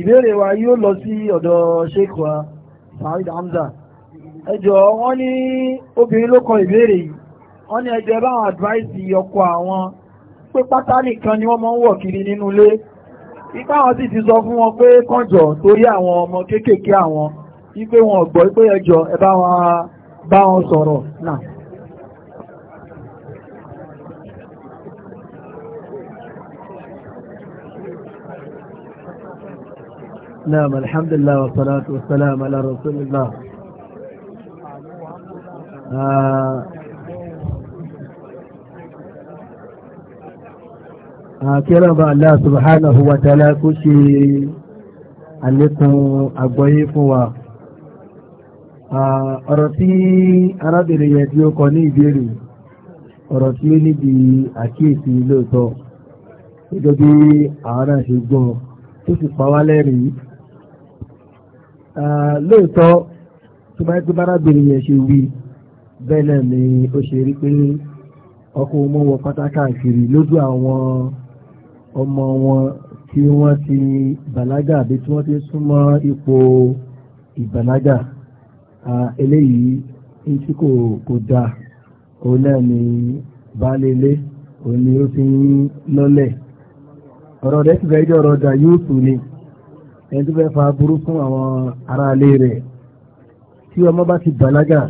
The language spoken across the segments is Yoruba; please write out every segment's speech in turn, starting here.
ìbéèrè wa yóò lọ sí ọ̀dọ̀ sheikh wa Saheed Hamza ẹ jọ̀ọ́ wọ́n ní obìnrin ló kọ ìbéèrè yìí wọ́n ní ẹ báwọn advice ọkọ àwọn pé pátá nìkan ni wọ́n máa ń wọ̀ kiri nínú ilé ipá wọn sì ti sọ fún wọn pé kànjọ torí àwọn ọmọ kéékèèké àwọn wípé wọn ò gbọ́ pé ẹ jọ̀ọ́ ẹ bá wọn sọ̀rọ̀ náà. نعم الحمد لله والصلاة والسلام على رسول الله àkíràn bá Allah subhanahu wa ta'ala kó ṣe àlékún àgbọ́yé fún wa ọ̀rọ̀ tí arábìnrin yẹn tí ó kọ ní ìbéèrè ọ̀rọ̀ tí ó níbi àkíyèsí lóòótọ́ gẹ́gẹ́ bí àwọn náà ṣe gbọ́ tó sì pa wá lẹ́rìí lóòótọ́ tó bá tó bára bèrè yẹn ṣe wí bẹ́ẹ̀ náà ni ó ṣe rí pé ọkọ̀ ọmọ wọ pátákà kiri lójú àwọn ọmọ wọn tí wọ́n ti bàlágà àbí tí wọ́n ti súnmọ́ ipò ìbàlágà eléyìí ní tí kò kò dáa òun náà ni baálélé òun ni ó ti ń lọ́lẹ̀ ọ̀rọ̀ rẹ̀ ti fẹ́ jẹ́ ọ̀rọ̀ dà yóò sùn ni ẹni tó fẹ́ fa aburú fún àwọn aráalé rẹ̀ tí ọmọ bá ti bàlágà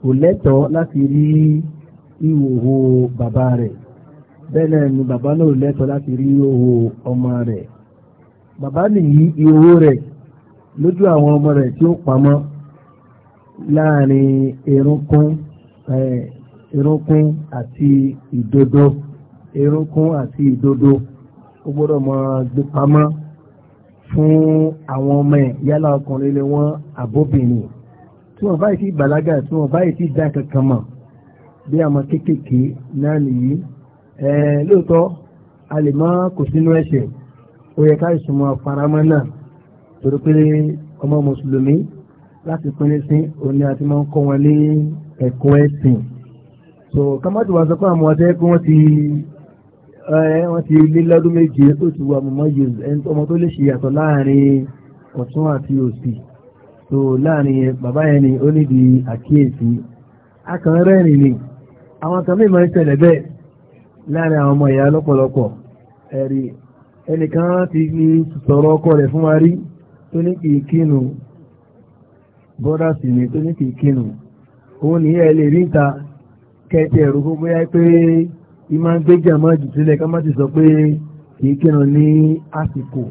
kò lẹ́tọ̀ọ́ láti rí ìhòhò bàbá rẹ̀ bẹ́ẹ̀ náà ni bàbá náà lẹ́tọ̀ọ́ láti rí ìhòhò ọmọ rẹ̀ bàbá nìyí ìhòhò rẹ̀ lójú àwọn ọmọ rẹ̀ tí ó pamọ́ láàrin erunkun erunkun àti ìdodo erunkun àti ìdodo ó gbọ́dọ̀ máa gbé pamọ́ fún àwọn ọmọ ẹ̀ yálà ọkùnrin lé wọn àbóbìnrin tí wọ́n báyìí ti bàlágà tí wọ́n báyìí ti dá kankan mọ̀ bí àwọn kéékèèké náà nìyí lóòótọ́ a lè má kò sínú ẹ̀ṣẹ̀ ó yẹ ká ìsúnmọ́ faramọ́ náà torí pé ọmọ mùsùlùmí láti pínlẹ̀ sí òní àti máa ń kọ́ wọn ní ẹ̀kọ́ ẹ̀sìn so kọ́mọ́tò sọ pé àwọn ọ̀tẹ́ kí wọ́n ti Eh, wọ́n ti lé lọ́dún méje tó ti wà mọ̀mọ́ yìí ẹni ọmọ tó lè ṣe yàtọ̀ láàrin ọ̀tún àti òsì tó láàrin bàbá yẹn ni ó níbi àkíyèsí akàn rẹ́rìn ni àwọn kan mìíràn ń ṣẹlẹ̀ bẹ́ẹ̀ láàrin àwọn ọmọ ìyá lọ́pọ̀lọpọ̀ ẹ̀rí ẹnìkan ti ní sọ̀rọ̀ ọkọ rẹ̀ fún wa rí tó ní kì í kínu bọ́dà sì ni tó ní kì í kínu òun nìyẹn lè rí ìta kẹ́tẹ̀ẹ̀rù gbogbo yá pé ìmọ̀ gbéjà máa jù sílẹ̀ ká má ti sọ pé kì kírun ní àsìkò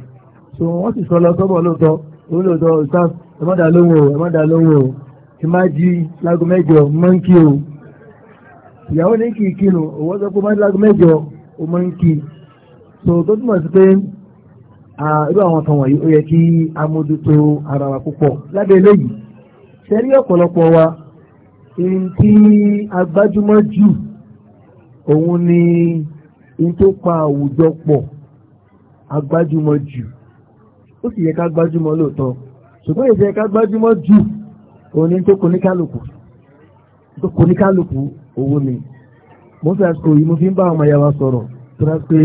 so wọ́n sì sọ lọ sọ́bọ̀ lóòótọ́ òun lóòótọ́ ìsáf ẹ má dá lóhùn o ẹ má dá lóhùn o ẹ má jí lágo mẹ́jọ mọ́ ń kí o ìyàwó ní kì kírun òwò sọ pé má jí lágo mẹ́jọ o mọ́ ń kí so tó túmọ̀ sí pé irú àwọn kan wọ̀nyí ó yẹ kí a mójútó ara wa púpọ̀ lábẹ́ eléyìí ṣe ọ̀pọ̀lọpọ̀ wa ohun tí a jù òun ni in tó pa àwùjọ pọ̀ agbájúmọ̀ jù ó sì yẹ ká gbájúmọ̀ lóòótọ́ ṣùgbọ́n ìṣe ká gbájúmọ̀ jù òun ni tó koníkálùkù tó koníkálùkù òun ni mo fi àsìkò yìí mo fi ń bá àwọn ayáwa sọ̀rọ̀ tó rà pé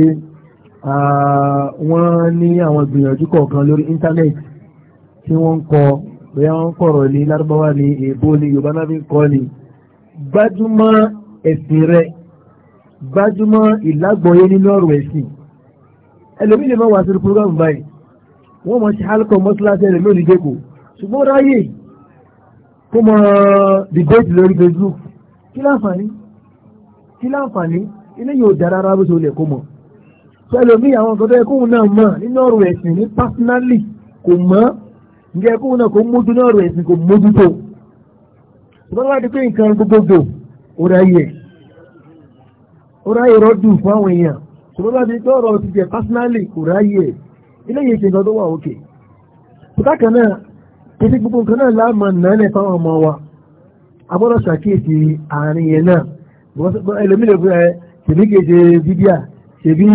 wọ́n ní àwọn ìgbìyànjú kọ̀ọ̀kan lórí íńtánẹ́ẹ̀tì tí wọ́n ń kọ bóyá wọ́n kọ̀rọ̀ ní lárúbáwá ní èbó ní yorùbá náà fi ń kọ́ ni gbájúmọ̀ ẹ̀sìn rẹ̀ gbájúmọ́ ìlágbọ̀nyé nínú ọ̀rọ̀ ẹ̀sìn ẹlòmí lè má wá sí program báyìí wọ́n mọ̀ sí halkọ̀ mọ́síláṣẹ́ rẹ̀ lónìí dẹ́kọ̀ ṣùgbọ́n ráyè kó mọ debate lórí facebook kí láǹfààní kí láǹfààní ilé yóò dára rárá bó ṣe olè kó mọ̀ sọ ẹlòmí àwọn nǹkan tó yẹ kóhun náà mọ̀ nínú ọ̀rọ̀ ẹ̀sìn ní personally kò mọ̀ nígbà yẹ kóhun náà kò mójú ní ọ̀rọ̀ ẹ̀sìn kò mójútó ṣùgbọ́n wá pé nǹkan gbogbogbò ó ráyè ó ráyè rọ́dù fún àwọn èèyàn ṣùgbọ́n bá ti gbọ́ ti jẹ́ pásínálì kò ẹ̀ ilé yìí ṣe nǹkan tó wà òkè bùkákan náà títí gbogbo nǹkan náà láàmà nàánẹ̀ fáwọn ọmọ wa a gbọ́dọ̀ ṣàkíyèsí àárín yẹn náà ẹlòmílẹ̀ fún ẹ ṣèbí kejì bíbíà ṣèbí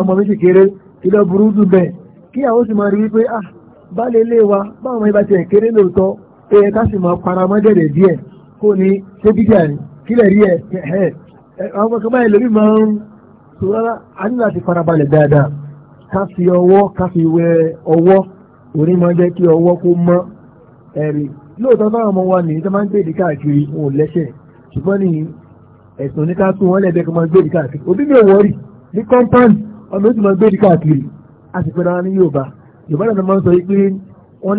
ọmọ mi kékeré kí lọ burú dùn bẹ́ẹ̀ kí àwọn sì máa rí wípé ah, ilé wa báwọn ọmọ àwọn ọmọ kọmọ ẹlòmí máa ń sọ rárá a ní láti farabalẹ̀ dáadáa ká fi ọwọ́ ká fi wẹ ọwọ́ òní máa jẹ́ kí ọwọ́ kó mọ́ ẹ̀rì lóòótọ́ ọmọ wa nìyí tó máa ń gbèdì káàkiri wọn ò lẹ́sẹ̀ ṣùgbọ́n ní ẹ̀sùn ní ká tún wọn kó máa gbèdì káàkiri òbí mi ò ní ọmọ ètò máa gbèdì káàkiri a sì pẹ́ra ní Yorùbá Yorùbá náà máa ń sọ pé wọ́n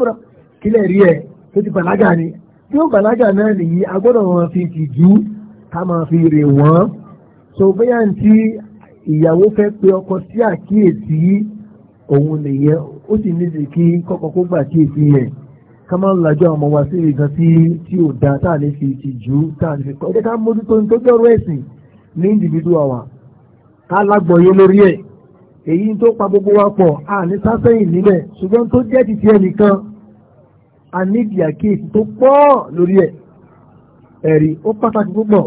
ní kílẹ̀ rí ẹ̀ tó ti bàlágà ni tí ó bàlágà náà nìyí a gbọ́dọ̀ wọn fi tìjú ká máa fi rè wọ́n so bóyá ní tí ìyàwó fẹ́ pe ọkọ sí àkíyèsí òun nìyẹn ó sì ní kí kọ́kọ́ kó gbà kíyèsí yẹn ká máa ń lajọ ọmọ wa sí ìgbà tí tí ò da tá à ní fi tìjú tá à ní fi kọ́ ẹ ká mójútó ní tó ẹ̀sìn ní ká lórí ẹ̀ wa pọ̀ à ní nílẹ̀ ṣùgbọ́n tó jẹ́ ti tiẹ̀ nìkan a nídìí àkíyèsí tó pọ̀ lórí ẹ̀ ẹ̀rí ó pàtàkì púpọ̀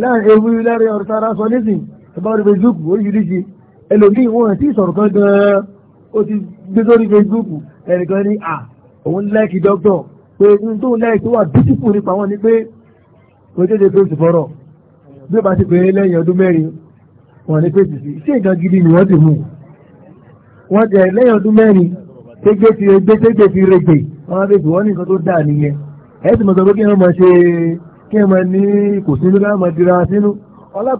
láàrin ewu láàrin ọ̀rọ̀ sára sọ nísìn tó bá rí Facebook oríṣiríṣi ẹlòmíì wọn ti sọ̀rọ̀ kan gan-an ó ti gbé sórí Facebook ẹnìkan ní à òun láìkì dọ́kítọ̀ pé n tó láìkì tó wà bísípù nípa wọn ni pé kò jẹ́jẹ́ pé oṣù fọ́rọ̀ bí ó bá ti pèrè lẹ́yìn ọdún mẹ́rin wọn ni pé sì sí ṣé nǹkan gidi ni wọ́n ti mú wọ́n jẹ́ lẹ́yìn ọdún mẹ́rin tégé fi regbé tégé fi wọn fi ní nǹkan tó nìyẹn ẹ sì sọ pé kí ṣe kí ní kò sínú kí dira sínú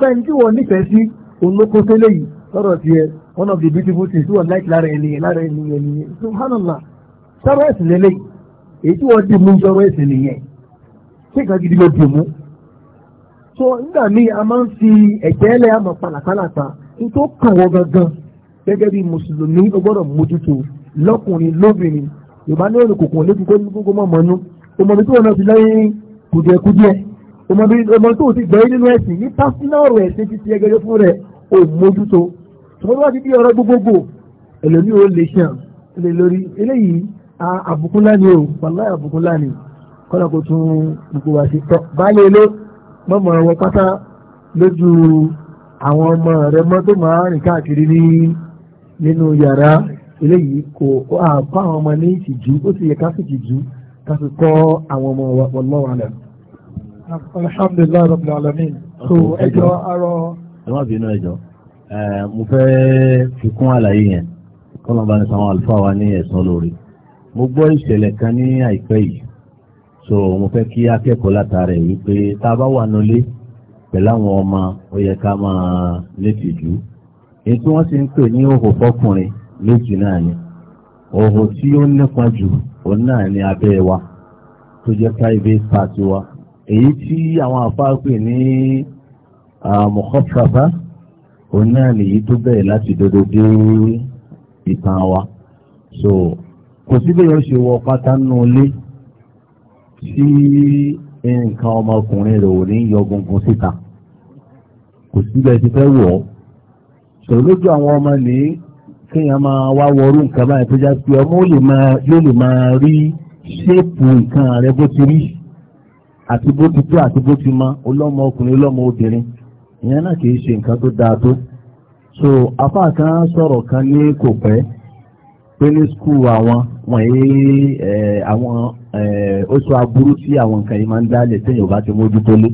ẹni tí sí one of the beautiful things tí wọ́n láì lára ẹni lára ẹni ẹni subhanallah èyí tí dì mú nìyẹn gidi ló dì mú. so nígbà míì a máa ń fi ẹ̀jẹ̀ ẹlẹ́ àmọ̀ pàlàpàlàpà kàn gangan gẹ́gẹ́ bí mùsùlùmí lọ́kùnrin lóbìnrin yorùbá ní òrùn kòkòrò lébi kó ní gbogbo mọ̀ mọ́nú ọmọbi tó wọn fi lẹ́yìn kùdìẹ̀kùdìẹ̀ ọmọbi ọmọ tó ti gbẹ́yìn nínú ẹ̀sìn ní pásínà ọ̀rọ̀ ẹ̀sìn ti ti ẹgẹrẹ fún rẹ̀ ò mójútó ṣùgbọ́n wá ti di ọ̀rọ̀ gbogbogbò ẹlòmíì ò lè ṣàn lè lórí eléyìí àbùkù ńlá ni o wàlá àbùkù ńlá ni kọ́nà kò tún gbogbo wa ṣe tọ́ báyìí lé mọ́mọ́ wọn pátá lójú àwọn ọmọ rẹ̀ mọ́ máa rìn káàkiri nínú yàrá eléyìí kò àbá àwọn ọmọ ní ìtìjú ó sì yẹ ká sì tìjú ká sì kọ́ àwọn ọmọ wallahu alam. alhamdulilayi rabbil alamin. so ẹjọ arọ. ẹ má bínú ẹjọ mo fẹ́ fi kún àlàyé yẹn kọ́nà bá ní sáwọn àlùfáà wa ní ẹ̀sán lórí mo gbọ́ ìṣẹ̀lẹ̀ kan ní àìpẹ́ yìí so mo fẹ́ kí akẹ́kọ̀ọ́ látara ẹ̀ wípé tá a bá wà nulé pẹ̀lú àwọn ọmọ ó yẹ ká máa létí jù èyí tí wọ́n sì ń pè ní òhò méjì náà ni ọ̀hún tí ó nípa jù òun náà ni abẹ́ wa tó jẹ́ private part wa èyí tí àwọn àfáà pè ní mọ̀kọ́fàfà òun náà nìyí tó bẹ̀rẹ̀ láti dodo dé ìtàn wa so kò sí bẹ́ẹ̀ yóò ṣe wọ pátá nù lé tí nǹkan ọmọkùnrin rẹ̀ ò ní yọ gungun síta kò síbẹ̀ ti fẹ́ wọ̀ ọ́ sọ̀rọ̀ lójú àwọn ọmọ nìyí. kéèyàn máa wá wọrú nǹkan báyìí tó já sí ọmọ yóò lè máa rẹ bó ti rí àti bó ti tó àti bó ti mọ ọlọ́mọ ọkùnrin ọlọ́mọ obìnrin ìyẹn náà kìí ṣe nǹkan so apá kan sọ̀rọ̀ kan ní kò pẹ́ pé ní skul àwọn wọ̀nyí àwọn oṣù aburú tí àwọn nǹkan yìí máa ń dálẹ̀ ti mójútó lé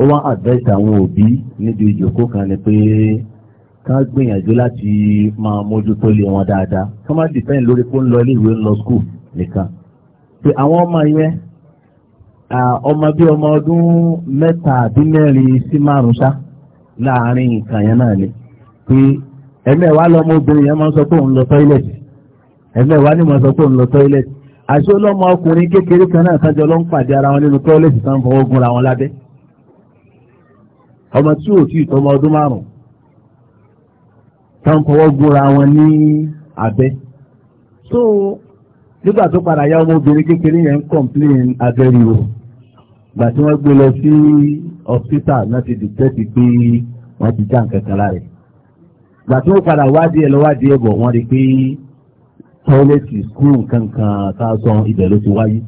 ó wá àwọn òbí níbi kan ni ká gbìyànjú láti máa mójútó lé wọn dáadáa ká má dìpẹ́ǹd lórí pé ń lọ ilé ìwé ń lọ skul nìkan. pé àwọn ọmọ yẹn ọmọ bíi ọmọ ọdún mẹ́ta àbí mẹ́rin sí márùn-ún ṣá láàárín nǹkan yẹn náà ni pé ẹ̀mẹ́wàá lọ́mọ obìnrin yẹn máa ń sọ pé òun lọ tọ́ílẹ̀tì ẹ̀mẹ́wàá ni mo sọ pé òun lọ tọ́ílẹ̀tì àṣé ọlọ́mọ ọkùnrin kékeré kan náà kájọ ló ń pàdé ara wọn nínú tọ́ílẹ̀tì tán fọwọ́ gúnra wọn lábẹ́ ọmọ tí ò tí ì tọmọ ọdún márùn tán fọwọ́ gbóra wọn ní abẹ́ so nígbà tó padà yá ọmọbìnrin kékeré yẹn ń complain abẹ́rìwò gbà tí wọ́n gbé lọ sí hospital láti dìtẹ́tì pé wọ́n ti já nǹkan kan lára gbà tí wọ́n padà wádìí ẹ̀ lọ́wádìí ẹ̀ bọ̀ wọ́n rí pé tọ́lẹ́tì skul nǹkan kan tá a sọ ibẹ̀ ló ti wáyé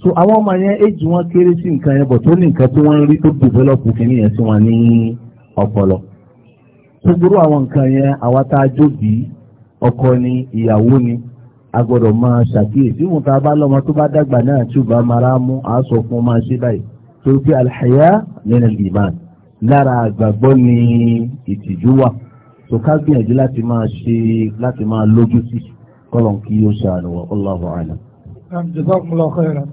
so àwọn ọmọ yẹn éjì wọn kéré sí nǹkan yẹn bọ̀ tó ní nǹkan tí wọ́n rí tó develop kìíní yẹn sí wọn ní ọpọlọ gbogbo àwọn nǹkan yẹn àwa tá a jóbi ọkọ ni ìyàwó ni a gbọ́dọ̀ máa ṣàkíyèsí wọn tá a bá lọ́mọ tó bá dàgbà náà tí ò bá mara mú a sọ fún máa ṣe báyìí torí pé alhaya nínú ìgbìmọ̀ lára àgbàgbọ́ ni ìtìjú wà tó ká gbìyànjú láti máa ṣe láti máa lójú sí kọ́lọ̀ kí ó ṣàánú wa Allahu a'lam.